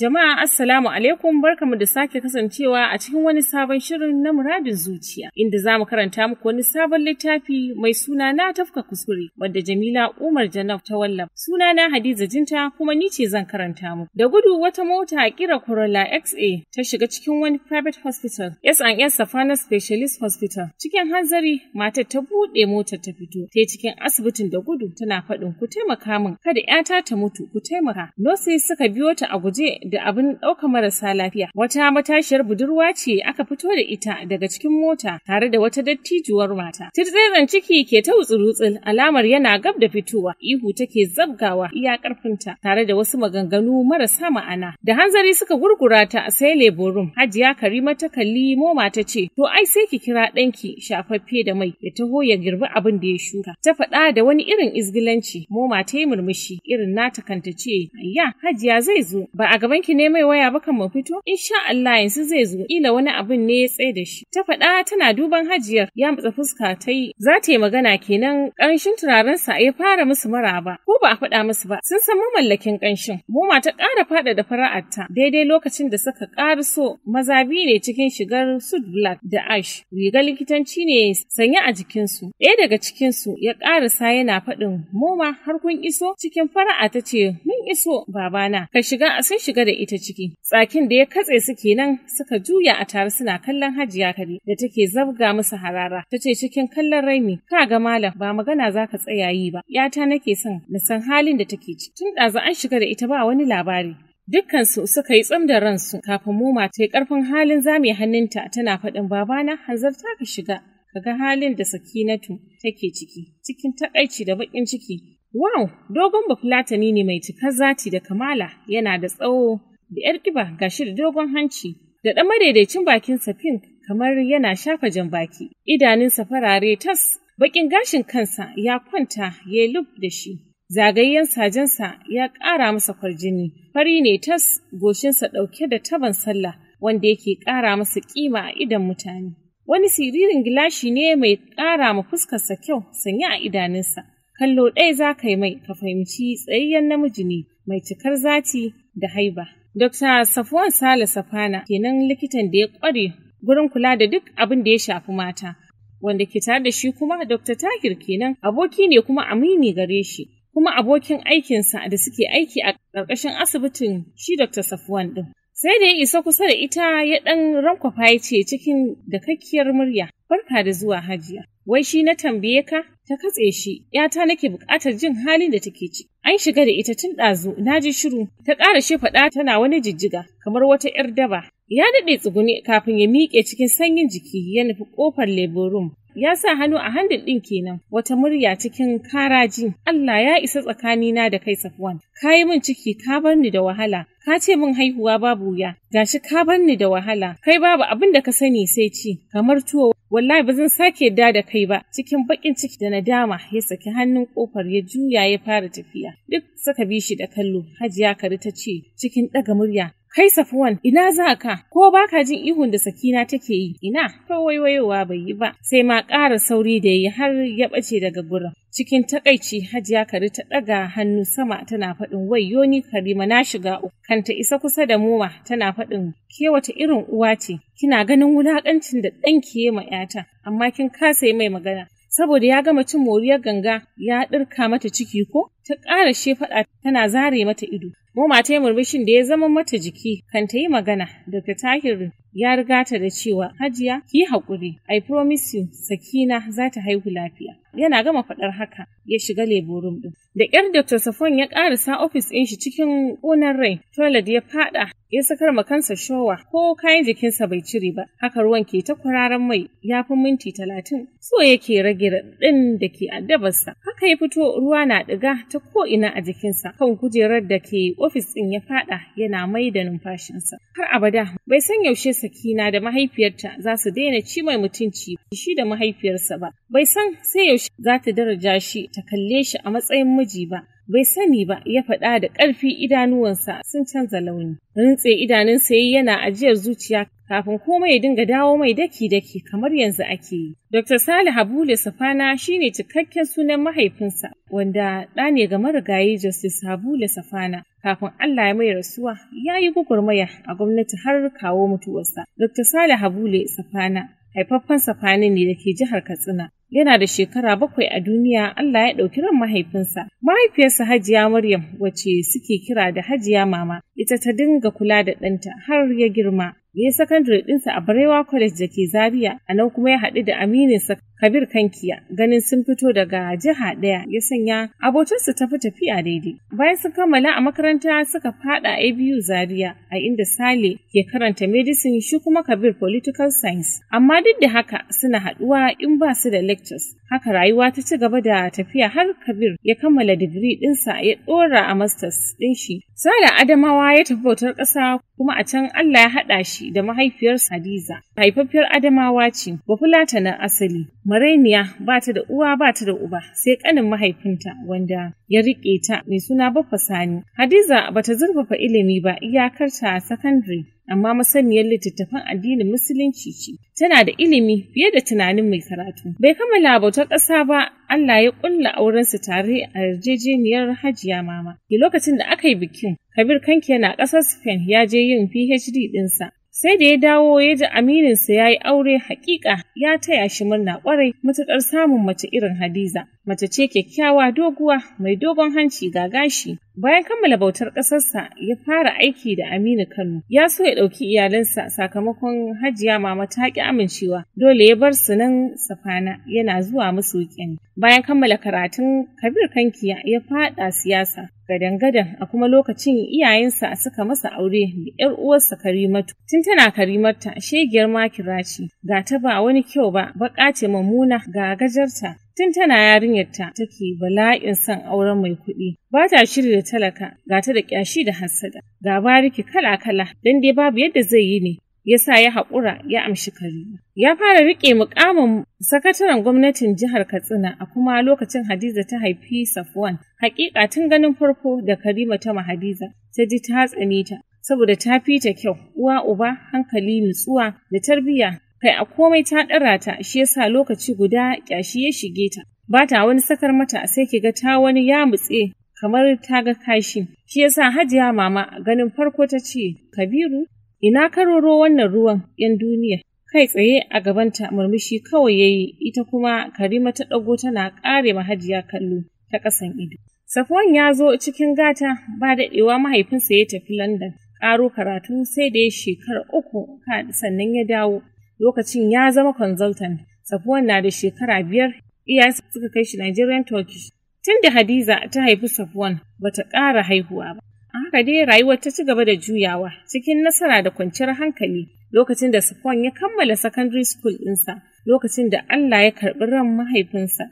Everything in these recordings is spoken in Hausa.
Jama'a Assalamu alaikum barkamu da sake kasancewa a cikin wani sabon shirin na muradin zuciya inda za mu karanta muku wani sabon littafi mai suna na tafka kuskure wadda Jamila Umar Janab ta wallafa. Suna na Hadiza Jinta kuma ni ce zan karanta muku. Da gudu wata mota a kira Corolla XA ta shiga cikin wani private hospital S&S Safana Specialist Hospital. Cikin hanzari matar ta buɗe motar ta fito Sai cikin asibitin da gudu tana faɗin ku taimaka min kada 'yata ta mutu ku taimaka. Nurses suka biyo ta a guje da abin ɗauka marasa lafiya. Wata matashiyar budurwa ce aka fito da ita daga cikin mota tare da wata dattijuwar mata. Tirtsirin ciki ke ta wutsurutsul alamar yana gab da fitowa. Ihu take zabgawa iya ƙarfinta tare da wasu maganganu marasa ma'ana. Da hanzari suka gurgura ta a sai leborum. Hajiya Karima ta kalli moma ta ce, To ai sai ki kira ɗanki shafaffe da mai ya taho ya girbi abin da ya shuka. Ta faɗa da wani irin izgilanci. Moma ta yi murmushi irin nata kanta ce, Ayya, Hajiya zai zo ba a gaban ki ne mai waya ba kan mu fito? Insha Allah yanzu zai zo, kila wani abin ne ya tsaye da shi. Ta faɗa tana duban hajiyar, ya matsa fuska ta yi, za ta yi magana kenan ƙanshin turarensa ya fara musu maraba. Ko ba a faɗa musu ba, sun san mamallakin ƙanshin. Moma ta ƙara faɗa da fara'arta, daidai lokacin da suka so maza biyu ne cikin shigar sud black da ash, rigar likitanci ne sanye a jikinsu. Ɗaya daga cikinsu ya ƙarasa yana faɗin moma har kun iso cikin fara'a ta ce mun iso babana ka shiga sun shiga da da ita ciki. Tsakin da ya katse su kenan suka juya a tare suna kallon Hajiya Kare da take zabga musu harara. Ta ce cikin kallon raini, ka ga malam ba magana za ka tsaya yi ba. Yata nake son na san halin da take ciki. Tun ɗazu an shiga da ita ba wani labari. Dukkansu suka yi tsam da ransu kafin muma ta yi ƙarfin halin zame hannunta tana faɗin babana hanzarta ka shiga. Kaga halin da Sakinatu take ciki, cikin takaici da baƙin ciki, Wow, dogon Bafulatani ne mai cikar zati da kamala, yana da tsawo da ‘yar ƙiba gashi da dogon hanci, da ɗan madaidaicin bakinsa pink kamar yana shafa jan baki, idanunsa farare tas, bakin gashin kansa ya kwanta ya lub da shi. Zagayyen sajensa ya ƙara masa kwarjini, fari ne tas goshinsa ɗauke da taban sallah wanda yake ƙara masa ƙima a idan mutane. Wani siririn gilashi ne mai ƙara ma fuskarsa kyau sanya a idanunsa. kallo ɗaya za ka yi mai ka fahimci tsayayyen namiji ne mai cikar zati da haiba. Dr. Safwan Sale Safana kenan likitan da ya ƙware gurin kula da duk abin da ya shafi mata. Wanda ke tare da shi kuma Dr. Tahir kenan aboki ne kuma amini gare shi. Kuma abokin aikinsa da suke aiki a ƙarƙashin asibitin shi Dr. Safwan ɗin. Sai da ya isa kusa da ita ya ɗan rankwafa ya ce cikin dakakkiyar murya, Farka da zuwa hajiya. Wai shi na tambaye ka? Ta katse shi, ‘yata nake buƙatar jin halin da take ci. An shiga da ita tun ɗazu, na ji shiru, ta ƙara shi faɗa tana wani jijjiga, kamar wata ‘yar daba. Ya daɗe tsugune kafin ya miƙe cikin sanyin jiki ya nufi ƙofar leburun. ya sa hannu a handin ɗin kenan wata murya cikin karaji Allah ya isa tsakanina da kai Safwan ka yi min ciki ka bar ni da wahala ka ce min haihuwa babu wuya gashi ka bar ni da wahala kai babu abin da ka sani sai ci kamar tuwo wallahi ba zan sake da da kai ba cikin bakin ciki da nadama ya saki hannun kofar ya juya ya fara tafiya duk saka bi shi da kallo hajiya kari ta ce cikin ɗaga murya Kai Safwan, ina za ka? Ko ba ka jin ihun da Sakina take yi? Ina? Ko waiwayowa bai yi ba. Sai ma ƙara sauri da yi har ya ɓace daga gurin. Cikin takaici Hajiya Kari ta ɗaga hannu sama tana faɗin wayyo ni Karima na shiga uku. Kanta isa kusa da mowa tana faɗin ke wata irin uwa ce. Kina ganin wulaƙancin da ɗanki ya ma 'yata, amma kin kasa yi mai magana. saboda ya gama cin moriyar ganga ya ɗirka mata ciki ko ta ƙara shefaɗa tana zare mata ido Mu matai murmushin da ya zama mata jiki kan ta yi magana daga tahir ya riga ta da cewa hajiya ki haƙuri I promise you sakina za ta haihu lafiya. Yana gama faɗar haka ya shiga leburum ɗin. Da ƙyar Dr. Safon ya ƙarisa ofis ɗin shi cikin ƙunar rai, toilet ya faɗa ya sakar ma kansa showa ko kayan jikinsa bai cire ba. Haka ruwan ke ta kwararan mai ya fi minti talatin. So yake rage raɗin da ke addabarsa. Haka ya fito ruwa na ɗiga ta ko'ina a jikinsa kan kujerar da ke ofis ɗin ya faɗa yana mai da numfashinsa. Har abada bai san yaushe sakina da mahaifiyarta za su daina ci mai mutunci shi da mahaifiyarsa ba. Bai san sai yaushe za ta daraja shi ta kalle shi a matsayin miji ba. bai sani ba ya faɗa da ƙarfi idanuwansa sun canza launi. Rintse idanunsa yayi yana ajiyar zuciya kafin komai ya dinga dawo mai daki-daki kamar yanzu ake yi. Dr. Salih Habule Safana shine cikakken sunan mahaifinsa wanda ɗa ne ga marigayi Justice Habule Safana kafin Allah ya mai rasuwa ya yi gwagwarmaya a gwamnati har kawo mutuwarsa. Dr. Salih Habule Safana haifaffen Safani ne da ke jihar Katsina yana da shekara bakwai a duniya Allah ya ɗauki ran mahaifinsa. Mahaifiyarsa Hajiya Maryam wacce suke kira da Hajiya Mama ita ta dinga kula da ɗanta har ya girma. Ya yi sakandare ɗinsa a Barewa College da ke Zaria, a nan kuma ya haɗu da amininsa Kabir Kankiya ganin sun fito daga jiha ɗaya ya sanya abotarsa tafi tafiya daidai. Bayan sun kammala a makaranta suka fada ABU Zaria a inda Sale ke karanta medicine shi kuma Kabir Political Science. Amma duk da haka suna haɗuwa in ba su da lecture lectures. Haka rayuwa ta ci gaba da tafiya har Kabir ya kammala digiri ɗinsa ya ɗora a masters ɗin shi. Sada Adamawa ya tafi bautar ƙasa kuma a can Allah ya haɗa shi da mahaifiyarsa Hadiza. Haifaffiyar Adamawa ce, bafulata na asali. Marainiya ba ta da uwa ba ta da uba sai ƙanin mahaifinta wanda ya riƙe ta mai suna Baffa Sani. Hadiza ba ta zurfafa ilimi ba iyakarta a sakandare. amma masaniyar littattafan addinin musulunci ce tana da ilimi fiye da tunanin mai karatu bai kammala bautar ƙasa ba Allah ya ƙulla aurensu tare a yarjejeniyar hajiya mama lokacin da aka yi bikin Kabir Kanki yana ƙasar Spain ya je yin PhD ɗinsa sai da ya dawo ya ji sa ya yi aure hakika ya taya shi murna kwarai matuƙar samun mace irin Hadiza. Mace ce kyakkyawa doguwa mai dogon hanci ga gashi. Bayan kammala bautar ƙasarsa ya fara aiki da Aminu Kano. Ya so ya ɗauki iyalinsa, sakamakon hajiya mama ta ƙi amincewa. Dole ya bar su nan safana yana zuwa musu weekend. Bayan kammala karatun Kabir Kankiya ya faɗa siyasa. Gadangadan, a kuma lokacin iyayensa suka masa aure da 'yar uwarsa Karimatu. Tun tana Karimarta shegiyar makira ce, ga ta ba wani kyau ba, baka ce mamuna ga gajarta. Tun tana yarinyarta take bala'in son auren mai kuɗi, ba ta shirya da talaka, ga ta da kyashi da hassada, ga bariki kala-kala, dan dai babu yadda zai yi ne, ya sa ya haƙura ya amshi Karima. Ya fara riƙe mukamin sakataren gwamnatin jihar Katsina a kuma lokacin Hadiza ta haifi Safwan. Hakika tun ganin farko da Karima ta ma Hadiza ta ji ta tsani ta saboda ta fi ta kyau, uwa uba, hankali, nutsuwa da tarbiyya. Kai a komai ta ɗara ta shi yasa lokaci guda ƙyashi ya shige ta. Ba ta wani sakar mata sai ki ga ta wani ya mutse kamar ta ga kashi. Shi yasa Hajiya mama ganin farko ta ce, Kabiru, “Ina karoro wannan ruwan 'yan duniya?” Kai tsaye a gabanta murmushi kawai ya yi, ita kuma Karima ta ɗago tana ƙare mahajiya kallo ta ƙasan ido. Safwan ya zo cikin gata ba daɗewa mahaifinsa ya tafi London ƙaro karatu sai da ya shekara uku sannan ya dawo. Lokacin ya zama consultant. Safwan na da shekara biyar iya suka kai shi Nigerian Turkish. Tunda Hadiza ta haifi Safwan bata ƙara haihuwa ba. A haka dai rayuwar ta ci gaba da juyawa cikin nasara da kwanciyar hankali lokacin da Safwan ya kammala secondary school ɗinsa lokacin da Allah ya karɓi ran mahaifinsa.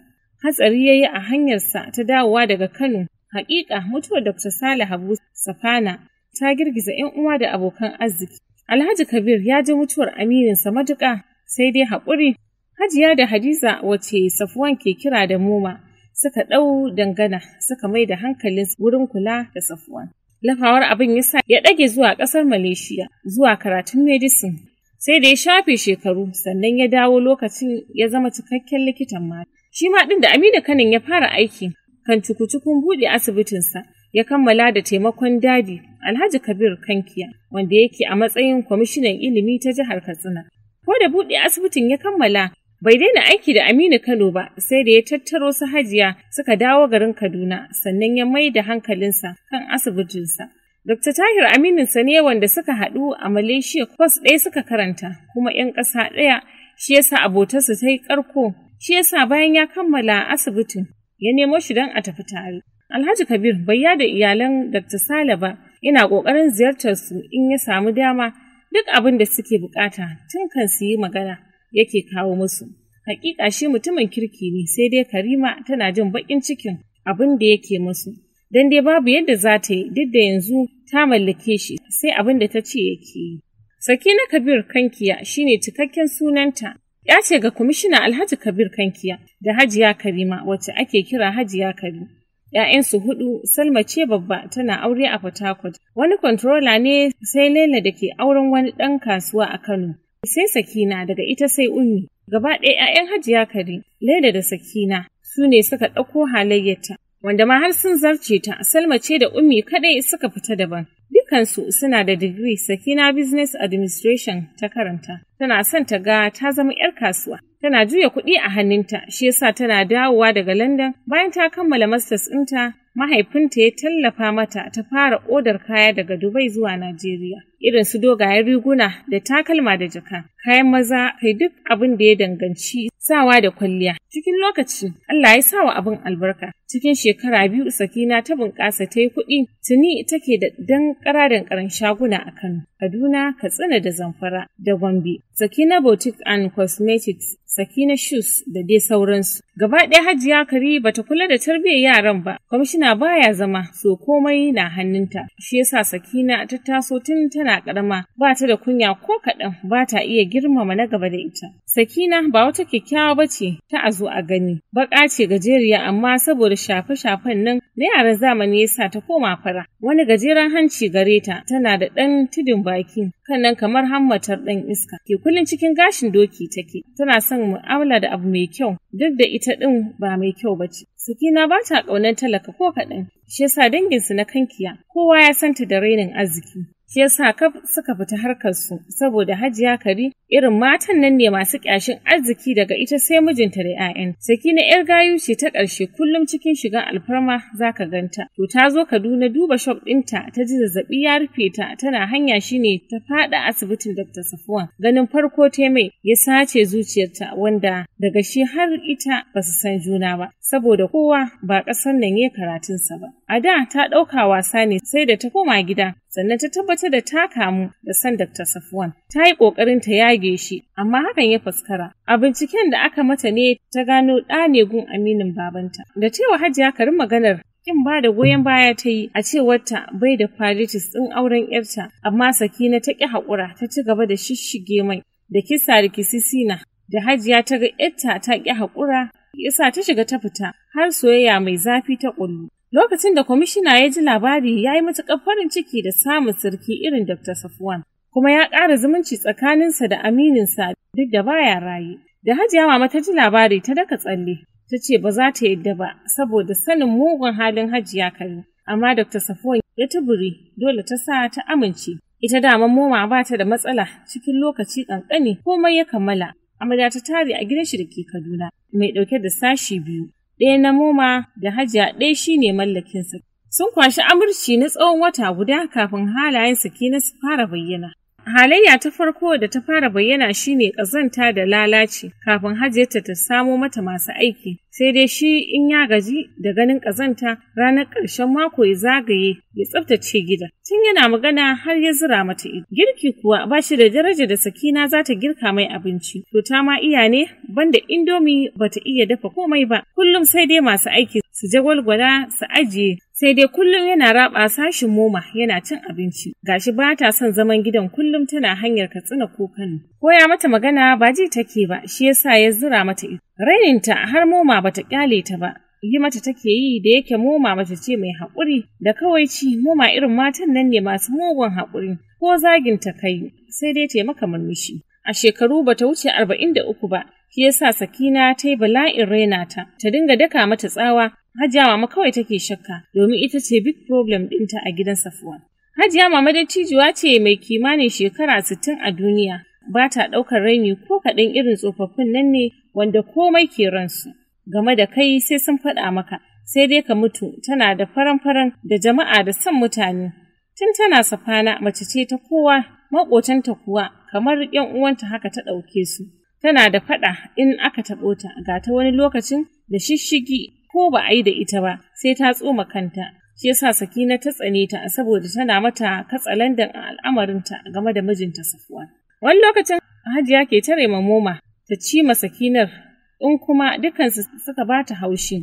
Hatsari ya yi a hanyarsa ta dawowa daga Kano. Hakika mutuwar Dr. Sale Habu Safana ta girgiza 'yan uwa da abokan arziki. Alhaji Kabir ya ji mutuwar amininsa matuƙa sai dai haƙuri. Hajiya da Hadiza wace Safwan ke kira da Moma suka ɗau dangana suka mai da hankalin wurin kula da Safwan. Lafawar abin ya sa ya ɗage zuwa ƙasar Malaysia zuwa karatun medicine. Sai da ya shafe shekaru sannan ya dawo lokacin ya zama cikakken likitan mata. Shi ma ɗin da Aminu Kanin ya fara aiki kan cuku buɗe asibitinsa ya kammala da taimakon dadi Alhaji Kabir Kankiya wanda yake a matsayin kwamishinan ilimi ta jihar Katsina. Ko da buɗe asibitin ya kammala Bai daina aiki da Aminu Kano ba sai da ya tattaro su hajiya suka dawo garin Kaduna sannan ya mai da hankalinsa kan asibitinsa. Dr. Tahir Aminu ne wanda suka haɗu a Malaysia kwas ɗaya suka karanta kuma 'yan ƙasa ɗaya shi yasa abotarsa ta yi ƙarko shi yasa bayan ya kammala asibitin ya nemo shi don a tafi tare. Alhaji Kabir bai yada iyalan Dr. Sale ba ina ƙoƙarin ziyartar su in ya samu dama duk abin da suke bukata tun kan su yi magana. yake kawo musu. Hakika shi mutumin kirki ne sai dai Karima tana jin baƙin cikin abin da yake musu. Don dai babu yadda za ta yi duk da yanzu ta mallake shi sai abin da ta ce yake yi. Sakina Kabir Kankiya shine cikakken sunanta. Ya ce ga kwamishina Alhaji Kabir Kankiya da Hajiya Karima wacce ake kira Hajiya Kari. ‘Ya'yansu hudu Salma ce babba tana aure a Fatakwat. Wani kwantrola ne sai Laila da ke auren wani ɗan kasuwa a Kano. sai sakina daga ita sai ummi gaba ɗaya 'ya'yan hajiya kare leda da sakina su ne suka ɗauko halayyarta wanda ma har sun zarce ta Salma ce da Ummi kadai suka fita daban. Dukansu suna da digiri Sakina Business Administration ta karanta. Tana son ta ga ta zama 'yar kasuwa. Tana juya kuɗi a hannunta, shi yasa tana dawowa daga London bayan ta kammala masters ɗinta mahaifinta ya tallafa mata ta fara odar kaya daga Dubai zuwa Najeriya. Irin su dogayen riguna da takalma da jaka, kayan maza kai duk abin da ya danganci sawa da kwalliya. Cikin lokaci, Allah ya sawa abin albarka. Cikin shekara biyu sakina ta bunƙasa ta yi kuɗi, tuni take da dan ƙaran shaguna a Kano, Kaduna, Katsina da Zamfara da Gombe. Sakina Boutique and Cosmetics Sakina Shoes da dai sauransu. Gaba ɗaya Hajiya Kari ta kula da tarbiyyar yaran ba, kwamishina baya zama so komai na hannunta. Shi yasa Sakina ta taso tun tana ƙarama ba ta da kunya ko kaɗan ba ta iya girmama na gaba da ita. Sakina ba wata kyakkyawa ba ce ta a a gani, baƙa ce gajeriya amma saboda shafe-shafen nan na yaran zamani yasa ta koma fara. Wani gajeren hanci gare ta tana da ɗan tudun baki kannan kamar hammatar ɗan iska ke kullum cikin gashin doki take tana son mu'amala da abu mai kyau duk da ita ɗin ba mai kyau ba ce sakina ba ta ƙaunar talaka ko kaɗan shi yasa danginsu na kankiya kowa ya santa da rainin arziki shi yasa kaf suka fita harkar su saboda Hajiya Kari irin matan nan ne masu kyashin arziki daga ita sai mijinta da Saki na yar gayu ce ta ƙarshe kullum cikin shiga alfarma zaka ganta. To ta zo Kaduna duba shop ɗinta ta ji zazzabi ya rufe ta tana hanya shine ta faɗa asibitin Dr. Safuwan. Ganin farko ta mai ya sace zuciyarta wanda daga shi har ita ba su san juna ba saboda kowa ba ƙasar nan ya karatunsa ba. A da ta ɗauka wasa ne sai da ta koma gida sannan ta tabbatar wata da ta kamu da san Dr. Safwan. Ta yi ƙoƙarin ta yage shi, amma hakan ya faskara. A binciken da aka mata ne ta gano ɗa gun aminin babanta. Da cewa Hajiya karin maganar kin ba da goyon baya ta yi a cewarta bai da falitis ɗin auren ‘yarta, amma Saki na ta ƙi haƙura ta ci gaba da shishshige mai da kisa da kisisina. Da Hajiya ta ga ‘yarta ta ƙi haƙura, yasa ta shiga ta fita har soyayya mai zafi ta ƙullu. Lokacin da kwamishina ya ji labari ya yi matuƙar farin ciki da samun sarki irin Dr. Safwan, kuma ya ƙara zumunci tsakaninsa da amininsa duk da baya raye. Da hajiya mama ta ji labari ta daka tsalle, ta ce ba za ta yadda ba saboda sanin mugun halin hajiya kare. Amma Dr. Safwan ya tuburi dole ta sa ta amince. Ita dama moma ba ta da matsala cikin lokaci ƙanƙani komai ya kammala. Amma ta tare a gidan shi da ke Kaduna mai ɗauke da sashi biyu. ɗaya na Moma da Hajiya ɗaya shine mallakinsa. Sun kwashi amurci na tsawon wata guda kafin halayen Sakina su fara bayyana. Halayya ta farko da ta fara bayyana shine kazanta da lalaci kafin hajiyarta ta samo mata masu aiki. Sai dai shi in ya gaji da ganin kazanta, ranar ƙarshen mako ya zagaye ya tsaftace gida. Tun yana magana har ya zira mata ido. Girki kuwa ba shi da daraja da sakina za ta girka mai abinci. To ta ma iya ne banda indomi bata iya dafa komai ba. Kullum sai dai masu aiki su je gwalgwala su ajiye sai dai kullum yana raba sashin moma yana cin abinci gashi ba ta son zaman gidan kullum tana hanyar katsina ko kano koya mata magana ba ji take ba shi yasa ya zura mata ido raininta har moma bata kyale ta ba yi mata take yi da yake moma mace ce mai haƙuri da kawai ci moma irin matan nan ne masu mugun haƙuri ko zaginta kai sai dai taimaka murmushi a shekaru bata wuce arba'in da uku ba Shi yasa Sakina ta yi bala'in raina ta, ta dinga daka mata tsawa, Hajiya mama kawai take shakka domin ita ce big problem dinta a gidan Safuwan. Hajiya mama da cijuwa ce mai kimanin shekara sittin a duniya, ba ta ɗaukar raini ko kaɗan irin tsofaffin nan ne wanda komai ke ransu. Game da kai sai sun faɗa maka, sai dai ka mutu tana da faran-faran da jama'a da son mutane. Tun tana safana mace ce ta kowa, maƙotanta kuwa kamar 'yan uwanta haka ta ɗauke su. tana da faɗa in aka taɓo ta ga ta wani lokacin da shishigi ko ba a yi da ita ba sai ta tsoma kanta shi yasa sakina ta tsane ta saboda tana mata katsalandan a al'amarinta game da mijinta safuwa wani lokacin hajiya ke tare ma moma ta ci ma sakinar in kuma dukansu suka ba ta haushi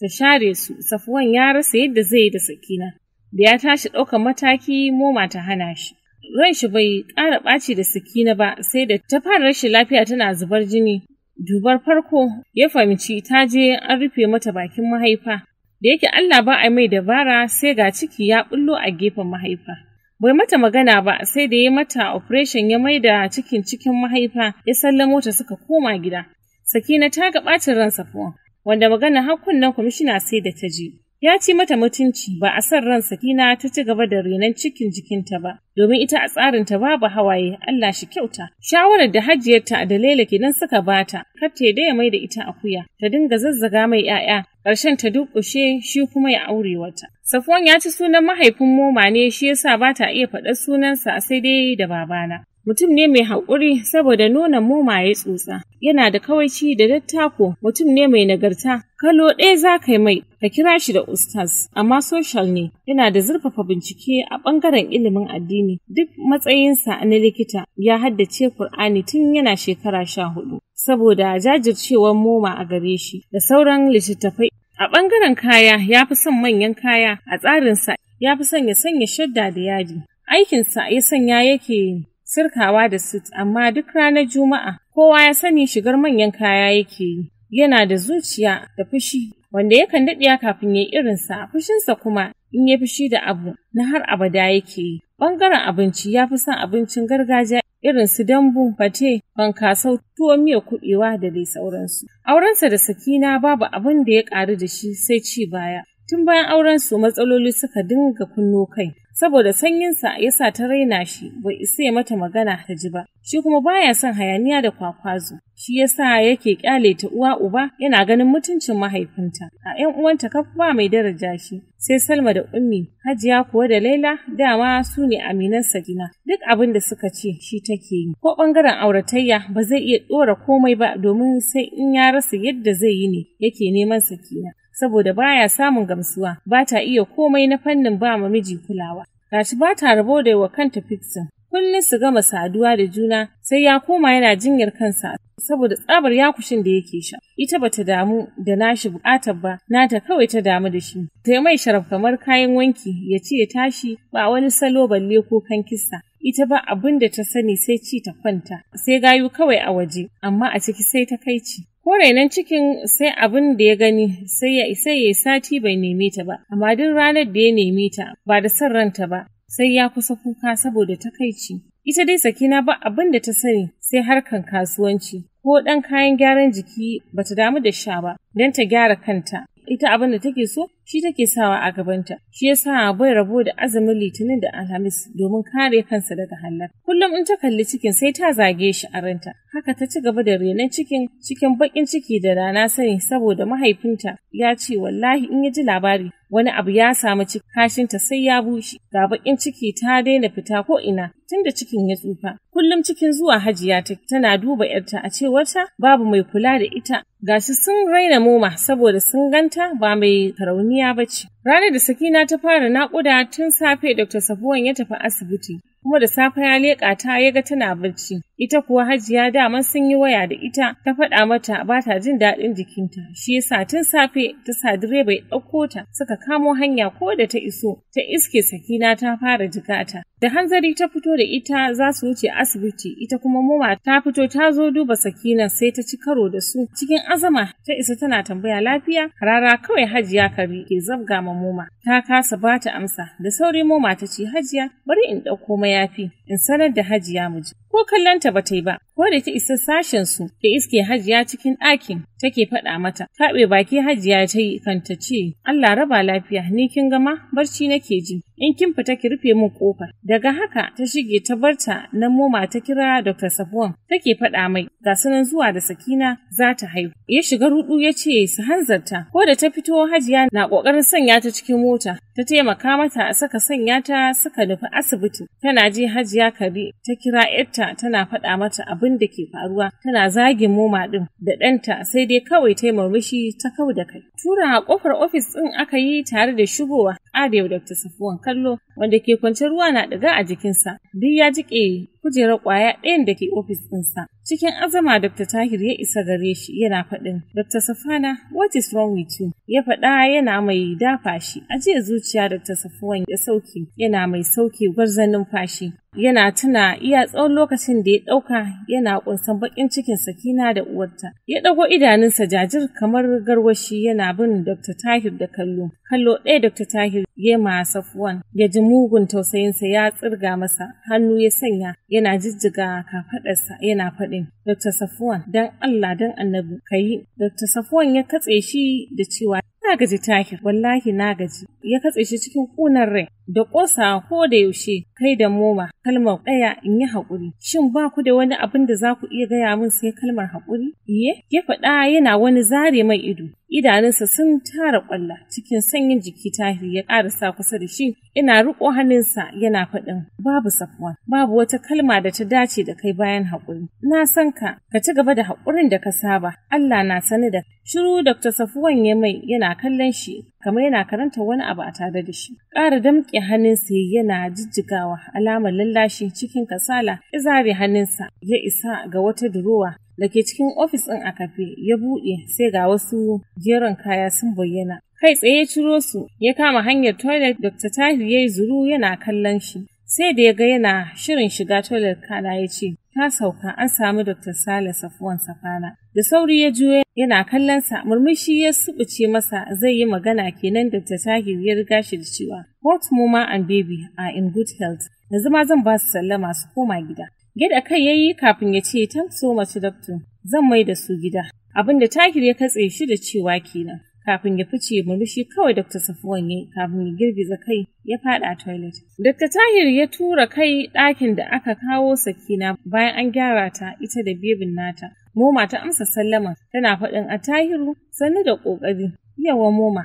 ta share su safuwan ya rasa yadda zai yi da sakina da ya tashi ɗaukar mataki moma ta hana shi ran shi bai ƙara ɓaci da sikina ba sai da ta fara rashin lafiya tana zubar jini dubar farko ya fahimci ta je an rufe mata bakin mahaifa da yake Allah ba a mai dabara sai ga ciki ya bullo a gefen mahaifa bai mata magana ba sai da ya mata operation ya mai da cikin cikin mahaifa ya sallamo ta suka koma gida sakina ta ga ɓacin ransa kuma. wanda magana hakunan kwamishina sai da ta ji Ya ci mata mutunci ba a san ran Sakina ta ci gaba da renon cikin jikinta ba, domin ita a tsarin ta babu hawaye Allah shi kyauta. Shawarar da hajiyarta da Laila kenan suka bata, kar ta da ya mai da ita akuya, ta dinga zazzaga mai 'ya'ya, ƙarshen ta dukushe shi kuma ya aure wata. Safwan ya ci sunan mahaifin Moma ne shi yasa bata ta iya faɗar sunansa sai dai da babana. Mutum ne mai haƙuri saboda nuna momaye tsutsa, yana da kawaici da dattako, mutum ne mai nagarta, kalo ɗaya za ka yi mai, ka kira shi da ustaz, amma social ne, yana da zurfafa bincike a ɓangaren ilimin addini, duk matsayinsa na likita ya haddace Kur'ani tun yana shekara sha hudu. Saboda jajircewar moma a gare shi da sauran littattafai A ɓangaren kaya ya fi son manyan kaya a tsarinsa ya fi son ya sanya shadda da yadi. Aikinsa ya sanya yake sirkawa da sit amma duk ranar Juma'a kowa ya sani shigar manyan kaya yake yi. Yana da zuciya da fushi wanda yakan daɗiya kafin ya irinsa fushinsa kuma in ya fushi da abu na har abada yake yi. Ɓangaren abinci ya fi son abincin gargajiya irin su dambu, fate, bankasau, tuwo miya kuɗewa da dai sauransu. Aurensa da sakina babu abin da ya ƙaru da shi sai ci baya. Tun bayan auren su matsaloli suka dinga kunno kai. saboda sanyinsa ya sa ta raina shi bai isa ya mata magana ta ji ba shi kuma baya son hayaniya da kwakwazo shi yasa yake kyale ta uwa uba yana ganin mutuncin mahaifinta a yan uwanta kaf ba mai daraja shi sai Salma da Ummi Hajiya kuwa da Laila dama su ne aminan sagina duk abin da suka ce shi take yi ko bangaren auratayya ba zai iya dora komai ba domin sai in ya rasa yadda zai yi ne yake neman Sakina saboda baya samun gamsuwa ba ta iya komai na fannin ba ma miji kulawa. Gashi ba ta rabo da wa kanta fixin. Kullum su gama saduwa da juna sai ya koma yana jinyar kansa saboda tsabar ya kushin da yake sha. Ita bata damu da nashi bukatar ba, nata kawai ta damu da shi. Ta mai sharaf kamar kayan wanki ya ci ya tashi ba wani salo balle ko kan kisa. Ita ba abin da ta sani sai ci ta kwanta, sai gayu kawai a waje, amma a ciki sai ta kai ci. ko rainan cikin sai abin da ya gani sai ya isa ya sati bai neme ta ba amma duk ranar da ya neme ta ba da son ranta ba sai ya kusa kuka saboda takaici ita dai sakina ba abin da ta sani sai harkan kasuwanci ko ɗan kayan gyaran jiki bata damu da sha ba don ta gyara kanta ita abin da take so shi take sawa a gabanta shi yasa bai rabo da azumin litinin da alhamis domin kare kansa daga hallar. kullum in ta kalli cikin sai ta zage shi a ranta haka ta ci gaba da renon cikin cikin bakin ciki da rana sani saboda mahaifinta ya ce wallahi in ya ji labari wani abu ya samu kashinta sai ya bushe ga bakin ciki ta daina fita ko ina tunda cikin ya tsufa kullum cikin zuwa hajiya ta tana duba yarta a cewarta babu mai kula da ita gashi sun raina moma saboda sun ganta ba mai karauni ya ba Ranar da Sakina ta fara naƙuda tun safe Dr. Safuwan ya tafi asibiti, kuma da safe ya leƙa ta ya ga tana barci. Ita kuwa Hajiya dama sun yi waya da ita ta faɗa mata ba ta jin daɗin jikinta, shi yasa tun safe ta sa direba ya ɗauko ta suka kamo hanya ko da ta iso ta iske Sakina ta fara jikata. Da hanzari ta fito da ita za su wuce asibiti, ita kuma muma ta fito ta zo duba sakina sai ta ci karo da su. Cikin azama ta isa tana tambaya lafiya, rara kawai hajiya kari ke zabga ma muma. Ta kasa ba ta amsa, da sauri muma ta ce hajiya bari in ɗauko mayafi, in sanar da hajiya mu je. ko kallonta ba ta yi ba, ko da ta isa sashen su da iske hajiya cikin ɗakin take faɗa mata, kaɓe baki hajiya ta yi kanta ce, Allah raba lafiya ni kin gama barci nake ji, in kin fita ki rufe min ƙofar. Daga haka ta shige ta barta na moma ta kira Dr. Safuwan take faɗa mai ga sunan zuwa da sakina za ta haihu. Ya shiga ruɗu ya ce su hanzarta, ko da ta fito hajiya na ƙoƙarin sanya ta cikin mota, ta taimaka mata a saka sanya ta suka nufi asibiti tana je hajiya kare ta kira yarta tana faɗa mata abin da ke faruwa tana zagin moma ɗin da ɗanta sai dai kawai ta murmushi ta kau da kai tura a kofar ofis ɗin aka yi tare da shigowa karewa Dr. Safuwan kallo wanda ke kwance ruwa na ɗiga a jikinsa. Duk ya jiƙe kujerar ƙwaya ɗayan da ke ofis ɗinsa. Cikin azama Dr. Tahir ya isa gare shi yana faɗin, Dr. Safana, what is wrong with you? Ya faɗa yana mai dafa shi, ajiye zuciya Dr. Safuwan ya sauke, yana mai sauke gwarzan numfashi. yana tuna iya tsawon lokacin da ya ɗauka yana ƙunsan baƙin cikin sakina da uwarta. Ya ɗago idanunsa jajir kamar garwashi yana bin Dr. Tahir da kallo. Kallo ɗaya Dr. Tahir ya ma Safuwan, ya ji mugun tausayinsa ya tsirga masa hannu ya sanya yana jijjiga kafaɗarsa yana faɗin. Dr. Safuwan, don Allah don annabi ka yi. Dr. Safuwan ya katse shi da cewa na gaji Tahir wallahi na gaji ya katse shi cikin ƙunar rai da ƙosa ko da yaushe kai da moma kalmar ɗaya in yi haƙuri. Shin ba ku da wani abin da za ku iya gaya min sai kalmar haƙuri? Iye, ya faɗa yana wani zare mai ido. Idanunsa sun tara ƙwalla cikin sanyin jiki tahir ya ƙarasa kusa da shi ina riƙo hannunsa yana faɗin babu safuwa babu wata kalma da ta dace da kai bayan haƙuri. Na san ka, ka ci gaba da haƙurin da ka saba, Allah na sani da shiru Dr. Safuwan ya mai yana kallon shi kamar yana karanta wani abu a tare da shi. Ƙara damƙe hannunsa yana jijjigawa alamar lallashi cikin kasala ya zare hannunsa ya isa ga wata durowa da ke cikin ofis ɗin a kafe ya buɗe sai ga wasu jerin kaya sun bayyana. Kai tsaye ya ciro su ya kama hanyar toilet Dr. Tahir ya yi zuru yana kallon shi. Sai da ya ga yana shirin shiga toilet kana ya ce, ta sauka an samu Dr. Sale Safuwan Safana. Da sauri ya juya yana kallon sa murmushi ya subuce masa zai yi magana kenan da ta Tahir ya riga shi da cewa Hot mama and baby are in good health. Yanzu ma zan ba su sallama su koma gida. Gida kai yayi kafin ya ce thanks so much doctor. Zan mai da su gida. Abin da Tahir ya katse shi da cewa kenan. kafin ya fice murmushi kawai Dr. Safuwan ya kafin ya girgiza kai ya fada toilet. Dr. Tahir ya tura kai ɗakin da aka kawo sakina bayan an gyara ta ita da bebin nata. Moma ta amsa sallama tana faɗin a Tahiru sannu da ƙoƙari. Yawa Moma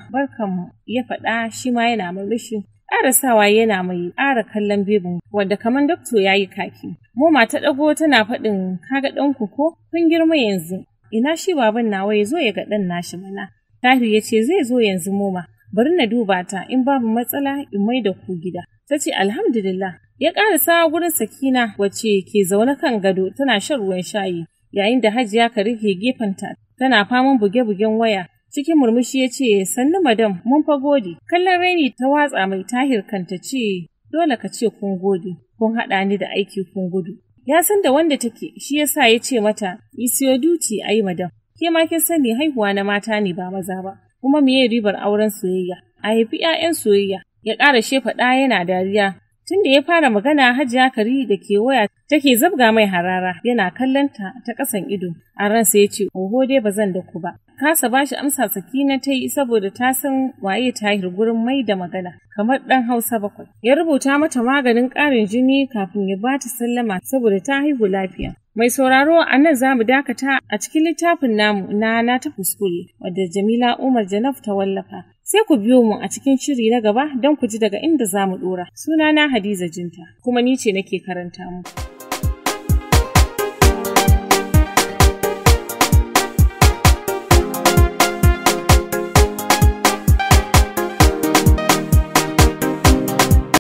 mu ya faɗa shi ma yana murmushi. sawa yana mai ƙara kallon bebin wanda kamar dokto ya yi kaki. Moma ta ɗago tana faɗin kaga ɗanku ko kun girma yanzu. Ina shi baban nawa ya zo ya ga ɗan nashi mana. Tahir ya ce zai zo yanzu moma, bari na duba ta in babu matsala in mai da ku gida. Ta ce alhamdulillah. Ya ƙarasa wurin sakina wacce ke zaune kan gado tana shan ruwan shayi yayin da hajiya ka rufe gefenta tana faman buge-bugen waya. Cikin murmushi ya ce sannu madam mun fa gode. Kallon raini ta watsa mai tahir kanta ce dole ka ce kun gode kun haɗa ni da aiki kun gudu. Ya san da wanda take shi yasa ya ce mata isiyo duti ai madam. ke ma kin sani haihuwa na mata ne ba maza ba kuma meye ribar auren soyayya a haifi 'ya'yan soyayya ya ƙara shefa ɗa yana dariya tun da ya fara magana hajiya kari da ke waya take zabga mai harara yana kallon ta ta ƙasan ido a ransa ya ce oho dai ba zan da ku ba kasa ba shi amsa sakina ta yi saboda ta san waye tahir gurin mai da magana kamar ɗan hausa bakwai ya rubuta mata maganin ƙarin jini kafin ya bata sallama saboda ta haihu lafiya Mai sauraro a nan za mu dakata a cikin littafin namu na na ta kuskure wadda Jamila Umar Janaf ta wallafa. Sai ku biyo mu a cikin shiri na gaba don ku ji daga inda za mu ɗora. Sunana Hadiza Jinta, kuma ni ce nake karanta mu.